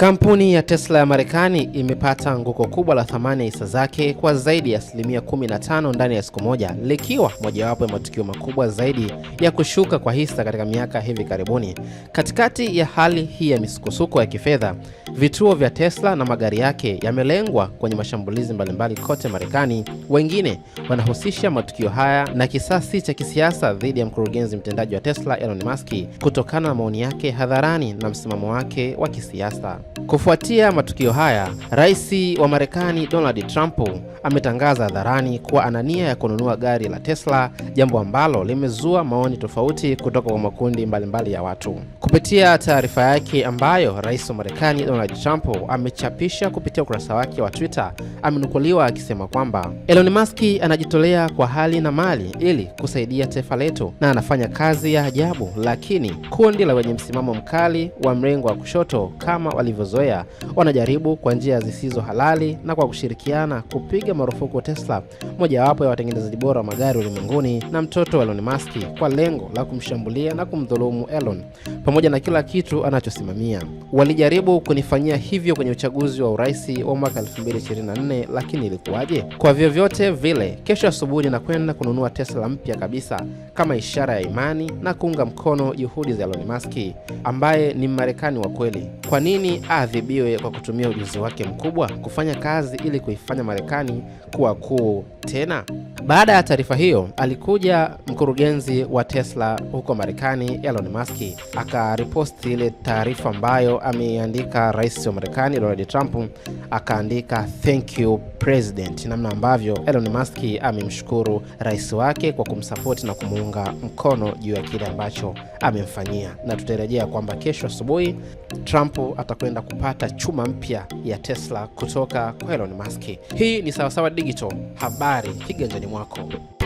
Kampuni ya Tesla ya Marekani imepata anguko kubwa la thamani ya hisa zake kwa zaidi ya asilimia 15 ndani ya siku moja, likiwa mojawapo ya matukio makubwa zaidi ya kushuka kwa hisa katika miaka hivi karibuni. Katikati ya hali hii ya misukosuko ya kifedha, vituo vya Tesla na magari yake yamelengwa kwenye mashambulizi mbalimbali kote Marekani, wengine wanahusisha matukio haya na kisasi cha kisiasa dhidi ya mkurugenzi mtendaji wa Tesla Elon Musk kutokana na maoni yake hadharani na msimamo wake wa kisiasa. Kufuatia matukio haya, Rais wa Marekani Donald Trump ametangaza hadharani kuwa ana nia ya kununua gari la Tesla, jambo ambalo limezua maoni tofauti kutoka kwa makundi mbalimbali ya watu. Kupitia taarifa yake ambayo Rais wa Marekani Donald Trump amechapisha kupitia ukurasa wake wa Twitter, amenukuliwa akisema kwamba Elon Elon Musk anajitolea kwa hali na mali ili kusaidia taifa letu na anafanya kazi ya ajabu, lakini kundi la wenye msimamo mkali wa mrengo wa kushoto kama walivyozoea wanajaribu kwa njia zisizo halali na kwa kushirikiana kupiga marufuku Tesla, mojawapo ya watengenezaji bora wa magari ulimwenguni, na mtoto Elon Musk kwa lengo la kumshambulia na kumdhulumu Elon pamoja na kila kitu anachosimamia. Walijaribu kunifanyia hivyo kwenye uchaguzi wa urais wa mwaka 2024 lakini ilikuwaje? Kwa vyovyote vile, kesho asubuhi ninakwenda kununua Tesla mpya kabisa kama ishara ya imani na kuunga mkono juhudi za Elon Musk ambaye ni Mmarekani wa kweli. Kwa nini aadhibiwe kwa kwa kutumia ujuzi wake mkubwa kufanya kazi ili kuifanya Marekani kuwa kuu tena. Baada ya taarifa hiyo, alikuja mkurugenzi wa Tesla huko Marekani Elon Musk akariposti ile taarifa ambayo ameandika rais wa Marekani Donald Trump, akaandika thank you president, namna ambavyo Elon Musk amemshukuru rais wake kwa kumsapoti na kumuunga mkono juu ya kile ambacho amemfanyia, na tutarejea kwamba kesho asubuhi Trump atakwenda kupata chuma mpya ya Tesla kutoka kwa Elon Musk. Hii ni Sawasawa Digital, habari kiganjani uma call.